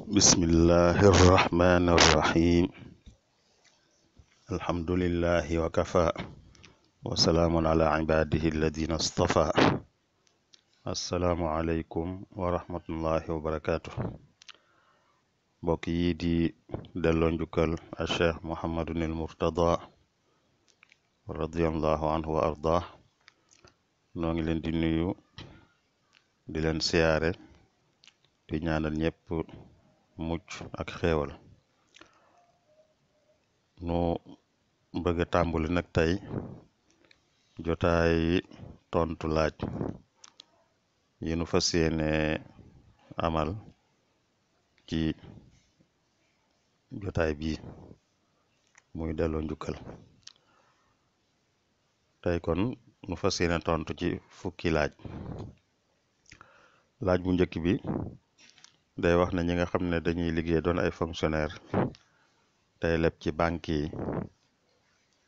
bismillahi irrahmani irrahim alhamdulilahi wa kafa wasalaamun ala ibadihi alladina istafa assalaamu aleykum wa rahmatullahi wa barakatuh mbokk yi di delloo njukkal a cheikh mohammadun il murtada radiallahu anhu wa ardah noo ngi leen di nuyu di leen siyaare di ñaanal ñëpp mucc ak xéewal nu bëgg a tàmbali nag tey jotaay tontu laaj yi nu fas yéene amal ci jotaay bii muy delloo njukkal tey kon nu fas yéene tontu ci fukki laaj laaj bu njëkk bi day wax ne ñi nga xam ne dañuy liggéey doon ay fonctionnaire tey leb ci banque yi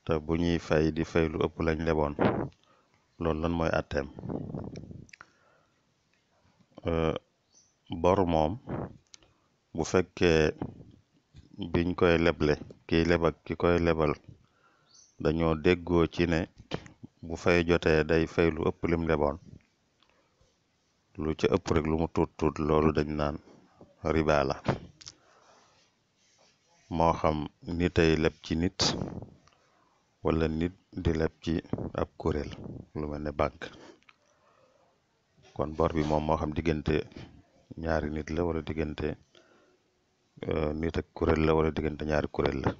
te bu ñuy fay di fay lu ëpp lañ leboon loolu nan mooy àtteem euh, bor moom bu fekkee biñ koy leble kiy lebak ki koy lebal dañoo déggoo ci ne bu fay jotee day fay lu ëpp lim leboon lu ci ëpp rek lu mu tuut tuut loolu dañ naan riba la moo xam nitay leb ci nit wala nit di leb ci ab kuréel lu mel ne banque kon bor bi moom moo xam diggante ñaari nit la wala diggante euh, nit ak kuréel la wala diggante ñaari kuréel la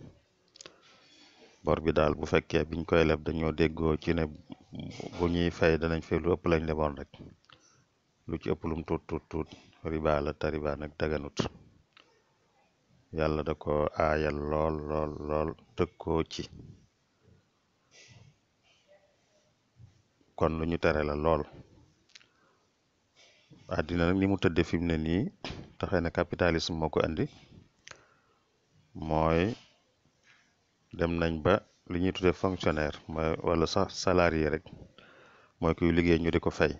bor bi daal bu fekkee biñ koy leb dañoo déggoo ci ne bu ñuy fay danañ fay lu ëpp lañ leboon rek lu ci ëpp lum tuut tuut tuut riba la te riba nag daganut yàlla da ko aayal lool lool lool tëkkoo ci kon lu ñu tere la lool àddina nag ni mu tëdde fi mu ne nii taxee na capitalisme moo ko andi mooy dem nañ ba li ñuy tuddee fonctionnaire wala sax salarié rek mooy kuy liggéey ñu di ko fay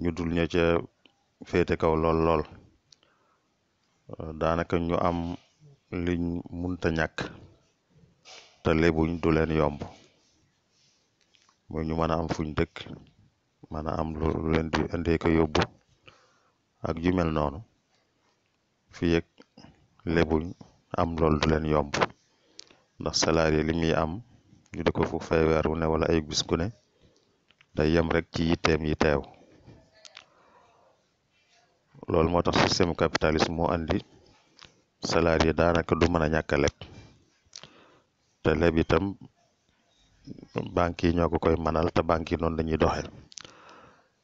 ñu dul ña ca féete kaw lool lool euh, daanaka ñu am liñ munta ñàkk te lebuñ du leen yomb mooy ñu mën am fuñ dëkk mën am lu leen di indee ko yóbbu ak ju mel noonu fi yëg am lool du leen yomb ndax salarié li muy am ñu di ko fu fay wu ne wala ay bis gu ne day yem rek ci yitteem yi teew loolu moo tax système capitalisme moo andi salarié daanaka du mën a ñàkk a leb te leb itam banques yi ñoo ko koy mënal te banques yi noonu lañuy doxee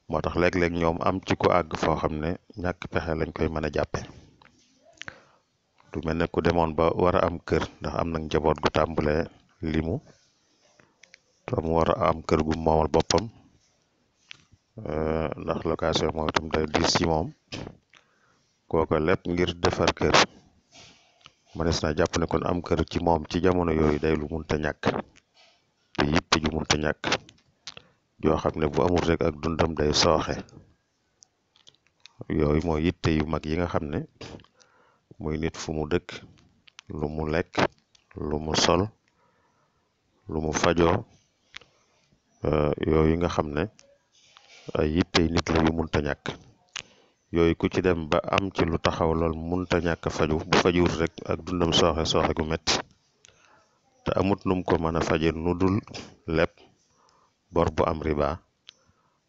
moo tax léeg-léeg ñoom am ci ko àgg foo xam ne ñàkk pexe lañ koy mën a jàppe du mel ne ku demoon ba war a am kër ndax am na njaboot gu tàmbale limu te mu war a am kër gu moomal boppam Euh, ndax location moom itam day diis ci moom kooka lépp ngir defar kër mënees naa jàpp ne kon am kër ci moom ci jamono yooyu day lu munta ñàkk te yitte ju munta ñàkk joo xam ne bu amul rek ak dundam day sooxe yooyu mooy yitte yu mag yi nga xam ne muy nit fu mu dëkk lu mu lekk lu mu sol lu mu fajoo euh, yooyu nga xam ne ay yittey nit la yu munta ñàkk yooyu ku ci dem ba am ci lu taxaw lool munta ñàkk faju bu fajuwut rek ak dundam sooxe sooxe gu metti te amut num ko mëna fajir faje nu dul leb bor bu am riba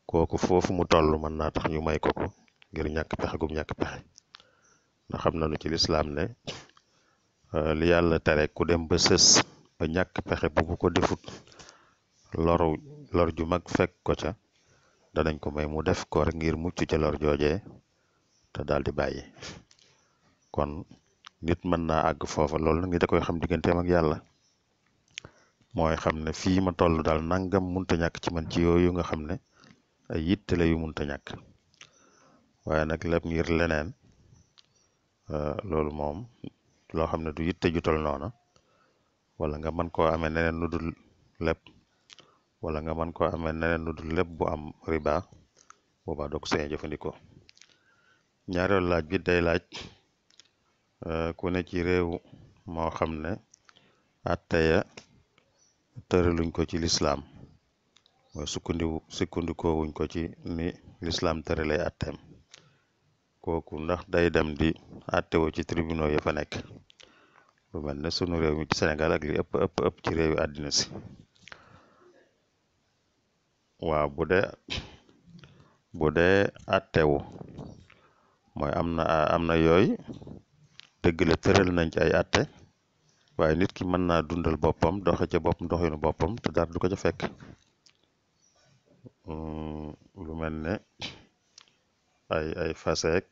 kooku foofu mu toll mën naa tax ñu may ko ko ngir ñàkk pexe gum ñàkk pexe na xam nañu ci lislaam ne euh, li yàlla tere ku dem ba sës ba ñàkk pexe bu bu ko defut loru lor ju mag fekk ko ca danañ ko may mu def ko rek ngir mucc ca lor joojee te daal di bàyyi kon nit mën naa àgg foofa loolu nag ni da koy xam digganteem ak yàlla mooy xam ne fii ma toll daal nangam munta ñàkk ci man ci yooyu nga xam ne ay yitte la yu munta ñàkk waaye nag lépp ngir leneen euh, loolu moom loo xam ne du yitte ju tol noona wala nga mën ko amee neneen lu dul lépp wala nga mën koo amee neneen lu dul lépp bu am riba boobaa doo ko sañ a jëfandikoo ñaareelu laaj bi day laaj euh, ku ne ci réew moo xam ne atteya luñ ko ci lislaam mooy sukkandiku wuñ ko ci ni lislaam tëralay atteem kooku ndax day dem di attewo ci tribunaux ya fa nekk lu mel ne sunu réew mi ci Sénégal ak li ëpp ëpp ëpp ci réew yi àddina si waaw bu dee bu dee attewu am na am na yooyu dëgg la tëral nañ ci ay atte waaye nit ki mën naa dundal boppam doxe ca boppam doxinu boppam te dara du ko ca fekk hmm, lu mel ne ay ay faseek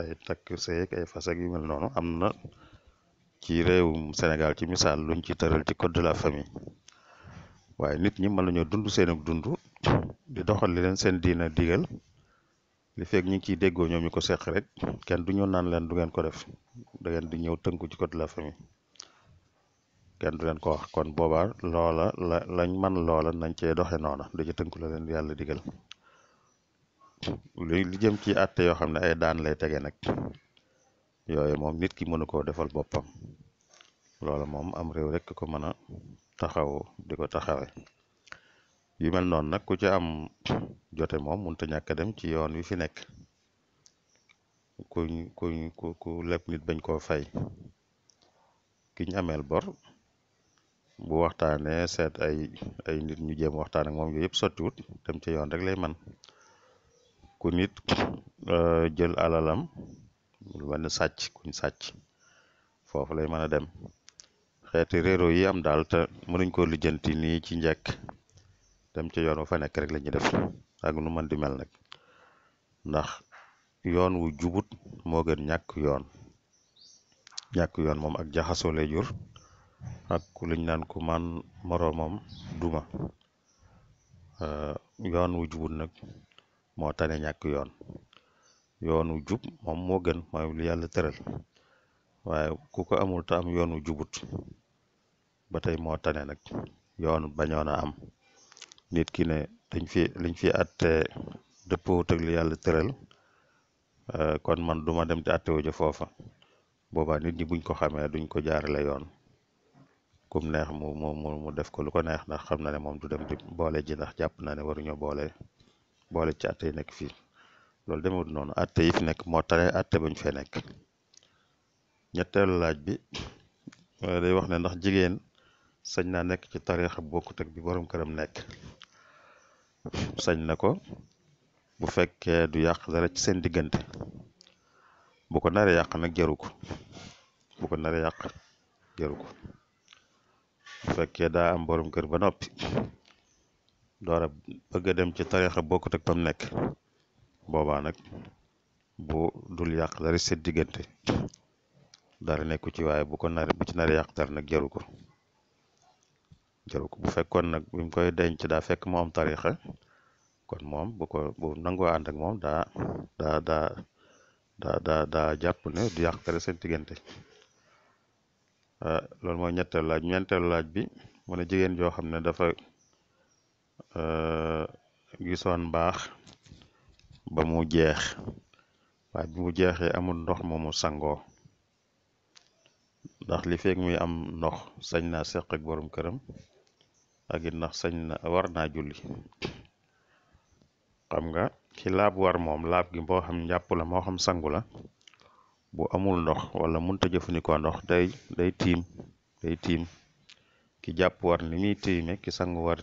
ay takk seek ay faseek yu mel noonu am na ci réewum Sénégal ci misaal luñ ci tëral ci code de la famille waaye nit ñi mën nañoo dund seen ak dund di doxal li leen seen diina digal li fekk ñu ngi déggoo ñoom ñu ko seq rek kenn du ñëw naan leen du ngeen ko def da ngeen di ñëw tënku ci code de kenn du leen ko wax kon boobaa loola la lañ man loola nañ cee doxe noona du ci tënku la leen yàlla digal li li jëm ci àtte yoo xam ne ay daan lay tege nag yooyu moom nit ki mënu koo defal boppam loola moom am réew rek ko mën a taxaw di ko taxawe yu mel noonu nag ku ci am jote moom mënta ñàkk a dem ci yoon wi fi nekk kuñ kuñ ku ku nit bañ koo fay ki ñu ameel bor bu waxtaanee seet ay ay nit ñu jéem waxtaan ak moom yooyu yëpp sottiwut dem ca yoon rek lay man ku euh, jël alalam lu mel ne sàcc kuñ sàcc foofu lay mën a dem xeeti réero yi am daal te mënuñ koo lijjanti nii ci njekk dem ci yoon wa fa nekk rek la ñuy def ak nu mën di mel nag ndax yoon wu jubut moo gën ñàkk yoon ñàkk yoon moom ak jaxasoo lay jur ak luñ naan ku man moroomam duma yoon wu jubut nag moo tane ñàkk yoon yoon wu jub moom moo gën mooy lu yàlla tëral ku ko amul te am yoon wu jubut ba tey moo tane nag yoon bañoon a am nit ki ne dañ fi liñ fi atte dëppoowut ak li yàlla tëral euh, kon man duma dem te attewu ja foofa boobaa nit ñi buñ ko xamee duñ ko jaarale yoon kum neex mu mu mu def ko lu ko neex ndax xam na ne moom du dem di boole ji ndax jàpp na ne waruñoo boole boole ci yi nekk fii loolu dem noonu atte yi fi nekk moo tane atte bañ fe nekk ñetteelu laaj bi euh, day wax ndax jigéen sañ naa nekk ci tariixa bokk teg bi borom këram nekk sañ na ko bu fekkee du yàq dara ci seen diggante bu ko naree yàq nag jaru ko bu ko naree yàq jaru ko bu fekkee daa am borom kër ba noppi door bëgg a dem ci tariixa bokkut teg bam nekk boobaa nag bu dul yàq dara ci seen diggante dara nekku ci waaye bu ko naree bu ci naree yàq dara nag jaru ko jaru ko bu fekkoon nag bi mu koy denc daa fekk moom am tarixa kon moom bu ko bu ànd ak moom daa daa daa daa daa daa jàpp ne du yàq seen diggante euh, loolu mooy ñetteelu laaj ñeenteelu laaj bi mu ne jigéen joo xam ne dafa euh, gisoon mbaax ba mu jeex waaye bi mu jeexee amul ndox moomu sangoo ndax li feeg muy am ndox sañ naa seq ak borom këram ak it ndax sañ na war naa julli xam nga ki laab war moom laab gi moo xam njàpp la moo xam sangu la bu amul ndox wala munta jëfandikoo ndox day day tiim day tiim ki jàpp war ni muy tiime ki sangu war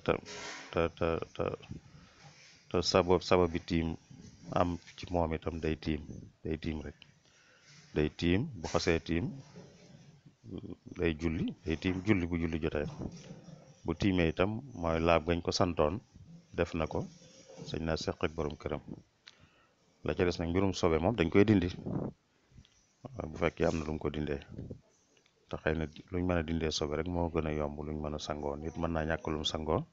te sabab sababi tiim am ci moom itam day tiim day tiim day tiim bu xasee tiim day julli day tiim julli bu julli jotee bu tiime itam mooy laab gañ ko santoon def na ko sañ na seq ak borom këram la ca des nag mbirum soobe moom dañ koy dindi bu fekkee am na lu ko dinde te xëy na luñ mën a dindee sobe rek moo gën a yomb luñ mën a sangoo nit mën naa ñàkk sangoon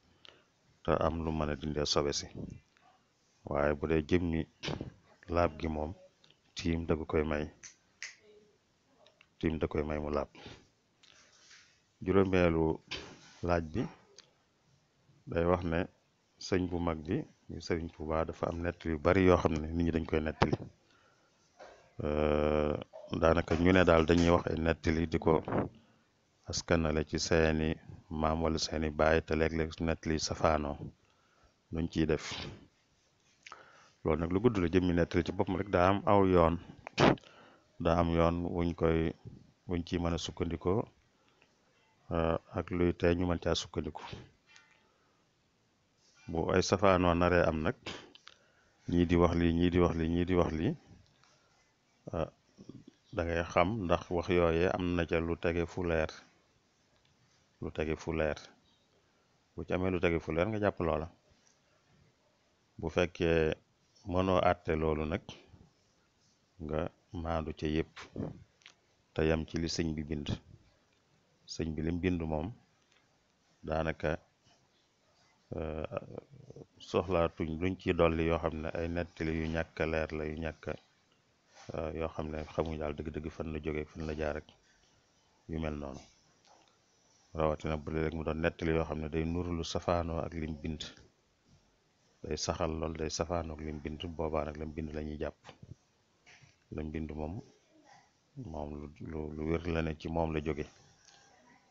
te am lu mën a dindee sobe si waaye bu dee jëmmi laab gi moom tiim da koy may tiim da koy may mu laab juróomeelu laaj bi day wax ne sëñ bu mag bi ñu sëriñ Tuubaa dafa am nett yu bari yoo xam ne nit ñi dañ koy nettali daanaka ñu ne daal dañuy wax ay nettali di askan askanale ci seeni maam wala seeni baay te léeg-léeg nettali safaanoo nuñ ciy def loolu nag lu gudd jëmmi nettali ci bopp boppam rek daa am aw yoon daa am yoon wuñ koy wuñ ciy mën a sukkandikoo Euh, ak luy tey ñu mën sukkandiku bu ay safaanoo nare am nag ñii di wax lii ñii di wax lii ñii di wax lii euh, da xam ndax wax yooyee am na ca lu tege fuleer lu tege fu leer bu ci amee lu tege fu leer nga jàpp loola bu fekkee mënoo àtte loolu nag nga maandu ca yépp te yam ci li sëñ bi bind sëñ bi lim bind moom daanaka euh, soxlaatuñ luñ ci dolli yoo xam ne ay nettali yu ñàkk leer la yu ñàkk euh, yoo xam ne xamuñ daal dëgg-dëgg fan la jógee fan la jaar ak yu mel noonu rawatina bu dee rek mu doon nettali yoo xam ne day nuru lu safaanoo ak lim bind day saxal lool day safaanoo ak lim bind boobaa la lim bind la ñuy jàpp lim bind moom moom lu lu la ne ci moom la jóge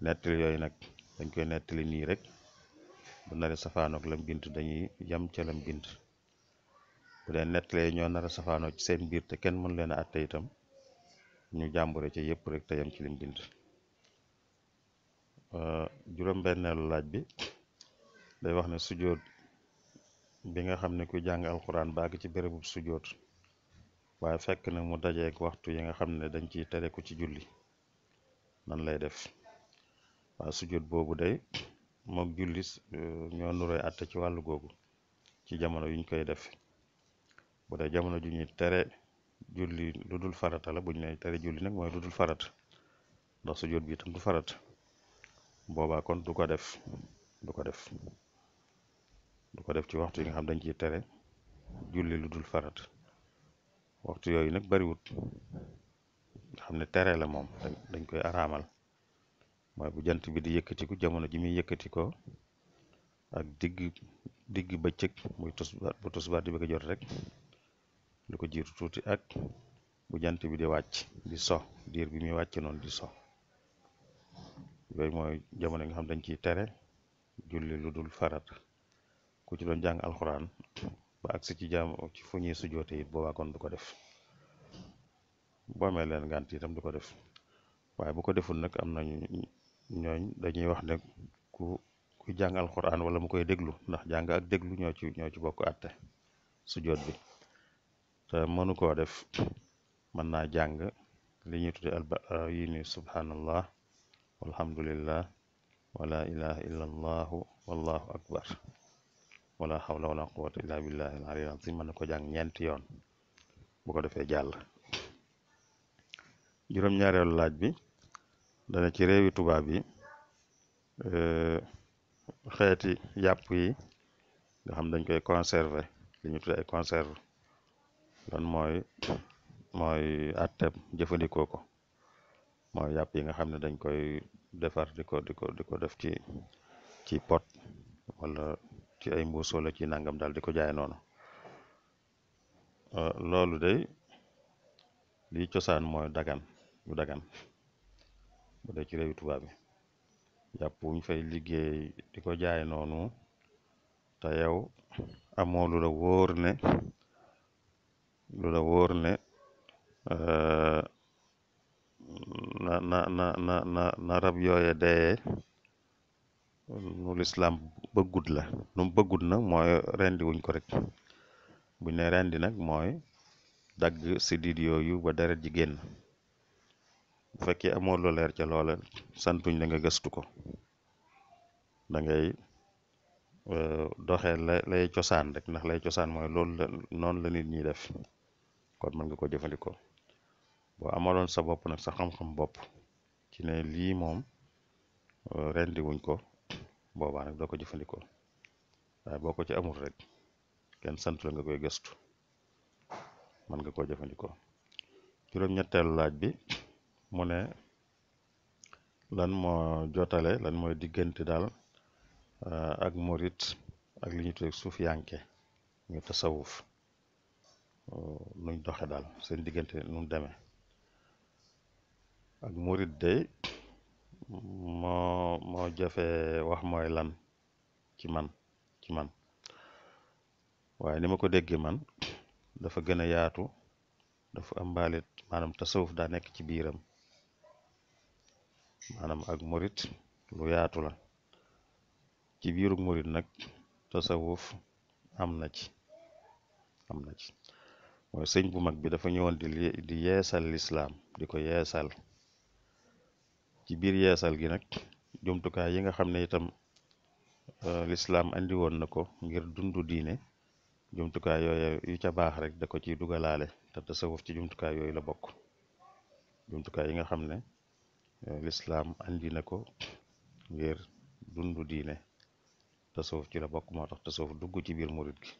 nettali yooyu nag dañ koy nettali nii rek bu nar a la lam bind dañuy yam ca lam bind bu dee nettalee ñoo nar a safaanoo ci seen biir kenn mën leen a atte itam ñu jàmbure ca yépp rek te yam ci lim bind euh, juróom laaj bi day wax ne sujoot bi nga xam ne ku jàng alxuraan baag ci bërëbub sujoot waaye fekk nag moo dajeek waxtu yi nga xam ne dañ ci tere ko ci julli nan lay def waa sujjot boobu day moog jullis eh, ñoo nuroy e atta ci wàll googu ci jamono yuñ koy def bu dee jamono ju ñuy tere julli lu dul farata la buñ ne tere julli nag mooy lu dul farata ndax sujjot bi itam du farata boobaa kon du ko def du ko def du ko def ci waxtu yi nga xam dañ ciy tere julli lu dul farata waxtu yooyu nag bariwut xam ne tere la moom dañ koy araamal mooy bu jant bi di yëkkatiku jamono ji muy yëkkati ak digg ba bëccëg muy tosbaar bu tosbaar di ko jot rek lu ko jiitu tuuti ak bu jant bi di wàcc di so diir bi muy wàcc noonu di so yooyu mooy jamono yi nga xam dañ ci tere julli lu dul farat ku ci doon jàng alxuraan ba agsi ci jaam ci fu ñuy sujoote it boo kon du ko def boo amee leen ngànt itam du ko def waaye bu ko deful nag am nañu ñooñ dañuy wax ne ku ku jàng wala mu koy déglu ndax jàng déglu ñoo ci ñoo ci bokk àtte sujjóot bi te mënu koo def mën naa jàng li ñuy tudde alba yi ni subhanallah walhamdulillah wala ilaha illa allahu wallahu akbar wala hawla wala quwata illa billahi al aliyyil azim mën na ko jàng ñeenti yoon bu ko defee jàll juróom-ñaareelu laaj bi dana ci réewi tubaab yi euh, xeeti yàpp yi nga xam dañ koy conserver li ñu tuddee ay conserve lan mooy mooy atteb jëfandikoo ko mooy yàpp yi nga xam ne dañ koy defar di ko def ci ci pot wala ci ay mbuus ci nangam daal di ko jaay noonu euh, loolu de li cosaan mooy dagan dagan bu ci réewi tubaab yi yàpp fay liggéey di ko jaay noonu te yow amoo lu la wóor ne lu la wóor ne eh, na na na na na na rab yooye dee nu lislaam bëggut la nu bëggut na mooy rendi wuñ ko rek buñ ne rendi nag mooy dagg si diid ba deret ji bu fekkee amoon lu leer ca loola santuñ la nga gëstu ko da ngay euh, doxee la lay cosaan rek ndax lay cosaan mooy loolu la noonu la nit ñiy def kon mën nga ko jëfandikoo boo amaloon sa bopp nag sa xam bopp ci lii moom euh, rendi ko boobaa nag doo ko jëfandikoo waaye ko ci amul rek kenn sant la nga koy gëstu mën nga koo jëfandikoo juróom-ñetteelu laaj bi mu ne lan moo jotale lan mooy diggante dal uh, eh, ak morit ak li ñu tuddee suufyànke ñu tasawuf uh, nuñ doxe dal seen diggante nuñ deme ak morit day moo moo jafe wax mooy lan ci man ci man waaye ni ma ko déggee man dafa gën a yaatu dafa am mbaalit maanaam tasawuf daa nekk ci biiram manam ak morit lu yaatu la ci biiru morit nag tasawuuf am na ci mooy sëñ bu mag bi dafa ñëwoon di yeesal lislaam di ko yeesal ci biir yeesal gi nag jumtukaay yi nga xam ne itam euh, lislaam andi woon na ko ngir dund diine jumtukaay yooye yu ca baax rek da ko ci dugalaale te tasawuuf ci jumtukaay yooyu la bokk jumtukaay yi nga xam ne E, l'islam andina ko wer dundu dine tasof cila bakku ma tax tasof duggu ci biir murid gi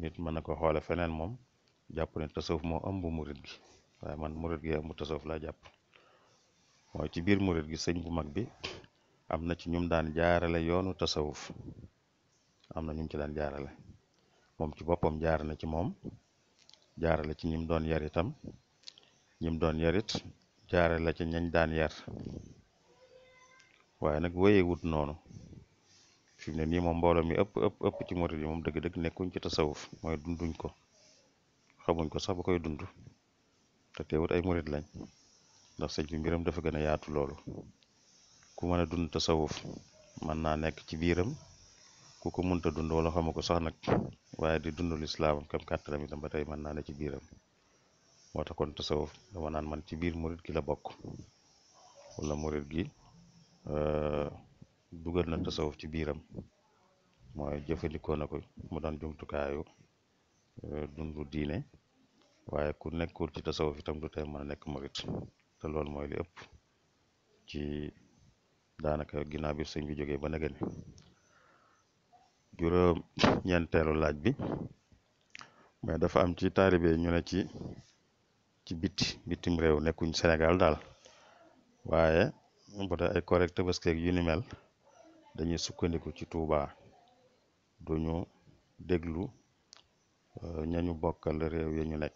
nit mën na ko xoole feneen moom jàpp ne tasof moo ëmbu murid gi waaye man murid gi ëmbu tasof laa jàpp mooy ci biir murid gi sëñ bu mag bi am na ci ñum daan jaarale yoonu tasawuf am na ñum ci daan jaarale moom ci boppam jaar na ci moom jaarale ci ñim doon yar itam ñim doon yarit jaare la ca ñañ daan yar waaye nag wéyewut noonu fi mu ne nii moom mbooloo mi ëpp ëpp ci murid yi moom dëgg-dëgg nekkuñ ci ta sawuf mooy dunduñ ko xamuñ ko sax ba koy dund te teewut ay murid lañ ndax sëñ bi mbiram dafa gën a yaatu loolu ku mën a dund tasawuf mën naa nekk ci biiram ku ko mënta dund wala xamu ko sax nag waaye di dund lislaamam kam kàttanam itam ba tey mën naa ne ci biiram moo tax kon tasawuf dama naan man ci biir murit gi la bokk wala murit gi euh, dugal na tasawuf ci biiram mooy jëfandikoo na ko mu doon jumtukaayu euh, dundu diine waaye ku nekkul ci tasawuf itam du tey mën a nekk murit te loolu mooy li ëpp ci daanaka ginnaaw bi sëñ bi ba nag juróom ñeenteelu laaj bi mais dafa am ci taalibe ñu ci ci biti bitim rew nekkuñ senegal dal waaye bu dee ay koreek tabaskeeg yu ni mel dañuy sukkandiku ci Touba duñu deglu euh, ñañu bokal rew ya ñu nek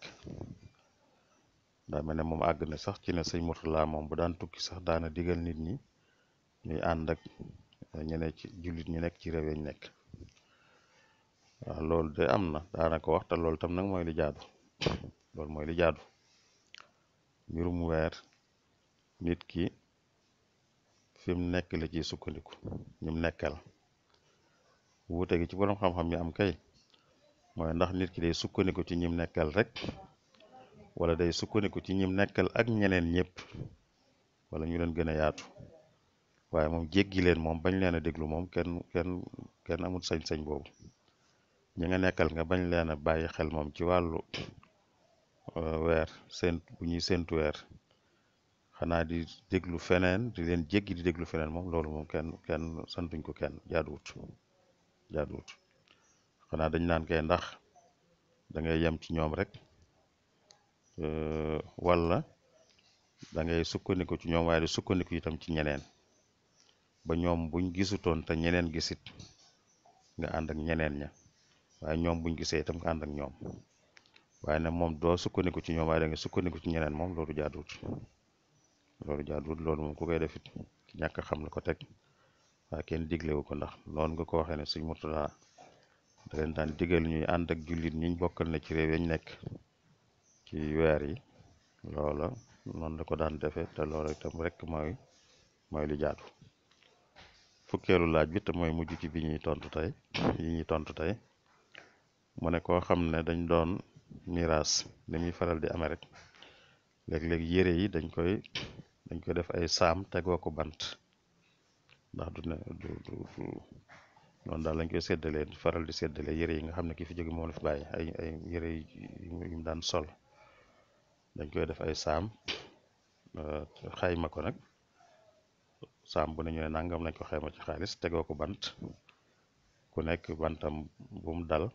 da melne mom ag na sax ci ne sëñ Murtala mom bu daan tukki sax daana digal nit ñi ñuy and ak euh, ñene ci julit ñi nek ci rew ya ñu de amna, daana ko wax ta lool tam nak moy li jaadu lool moy li jaadu mbirum weer nit ki fi nekk la ci sukkandiku ñum nekkal wuute gi ci borom xam-xam yi am kay mooy ndax nit ki day sukkandiku ci ñim nekkal rek wala day sukkandiku ci ñim nekkal ak ñeneen ñëpp wala ñu leen gën a yaatu waaye moom jéggi leen moom bañ leen a déglu moom kenn kenn kenn amul sañ-sañ boobu ñi nga nekkal nga bañ leen a bàyyi xel moom ci wàllu Euh, weer séentu bu ñuy séentu weer xanaa di déglu feneen di leen jéggi di déglu feneen moom loolu moom kenn kenn santuñ ko kenn jaaduwut jaaduwut xanaa dañ naan kay ndax da ngay yem ci ñoom rek euh, walla da ngay sukkandiku ci ñoom waaye di sukkandiku itam ci ñeneen ba ñoom buñ gisutoon te ñeneen gisit nga ànd ñeneen ña waaye ñoom buñ gisee itam nga ànd ak ñoom waaye nag moom doo sukkandiku ci ñoom waaye da nga sukkandiku ci ñeneen moom loolu jaaduwut loolu jaaduwut loolu moom ku koy def it ñàkk xam la ko teg waaye kenn diglewu ko ndax noonu nga ko waxee ne moto Murtala da leen daan digal ñuy ànd ak jullit ñi ñu bokkal ne ci réew yañ nekk ci weer yi loola noonu ko daan defe te loola itam rek mooy mooy lu jaadu fukkeelu laaj bi te mooy mujj ci bi ñuy tontu tey yi tontu tey mu ne koo xam ne dañ doon miraas li muy faral di amee rek léeg-léeg yére yi dañ koy dañ koy def ay saam tegoo ko bant ndax du ne du du noonu daal lañ koy séddalee faral di séddalee yére yi nga xam ne ki fi jóge moom la fi bàyyi ay ay yére yu mu daan sol dañ koy def ay saam euh, xayma ko nag saam bu ne ñu ne nangam lañ ko xayma ci xaalis tegoo ko bant ku nekk bantam bu dal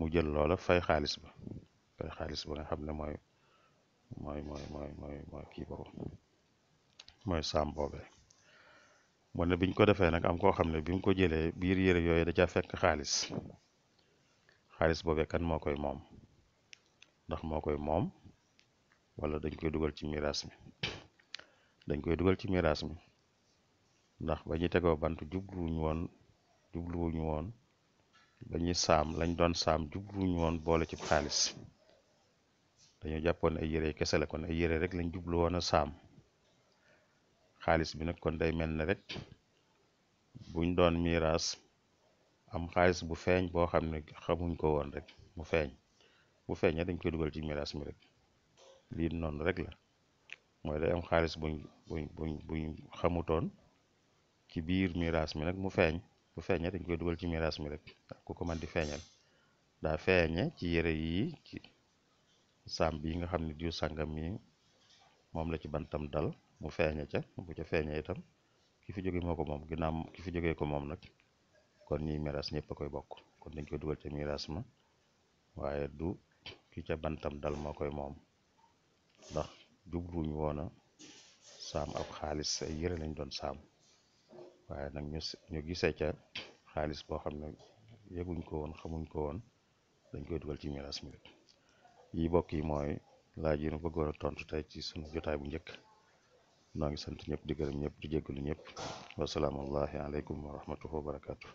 mu jël loola fay xaalis ba fay xaalis ba nga xam ne mooy mooy mooy mooy mooy kii boobu mooy saam boobee mu ne biñ ko defee nag am koo xam ne biñ ko jëlee biir yére yooyu da caa fekk xaalis xaalis boobee kan moo koy moom ndax moo koy moom wala dañ koy dugal ci miraas mi koy dugal ci miraas mi ndax ba ñu tegoo bant jubluwuñu woon jubluwuñu woon lañuy saam lañ doon saam jubluñu woon boole ci xaalis dañoo jàppoon ay yére kese la kon ay yére rek lañ jublu woon a saam xaalis bi nag kon day mel ne rek buñ doon miiras am xaalis bu feeñ boo xam ne xamuñ ko woon rek mu feeñ bu feeñee dañ koy dugal ci miiras mi rek lii noonu rek la mooy day am xaalis buñ buñ buñ buñ xamutoon ci biir miiras mi nag mu feeñ bu feeñee dañ koy dugal ci mirage mi rek ku ko man di feñal da feñe ci yere yi ci sam bi nga xamni ne sangam mi la ci bantam dal mu feñe ca bu ca feñe itam ki fi joge moko mom ginaam ki fi joge ko mom nak kon ni mirage ñepp koy bok kon dañ koy dugal ci mirage ma waye du ki ca bantam dal mo koy mom ndax jubluñu ñu wona sam ak xaalis yere lañ doon sam waaye nag ñu ñu gisee ca xaalis boo xam ne yëguñ ko woon xamuñ ko woon dañ koy dugal ci miraas mi yi yi mooy laaj yi nu bëggoon a tontu tey ci sunu jotaay bu njëkk noo ngi sant ñëpp di gërëm ñëpp di jéggalu ñëpp wasalaamullahi aleykum wa rahmatuhu wa barakaatu.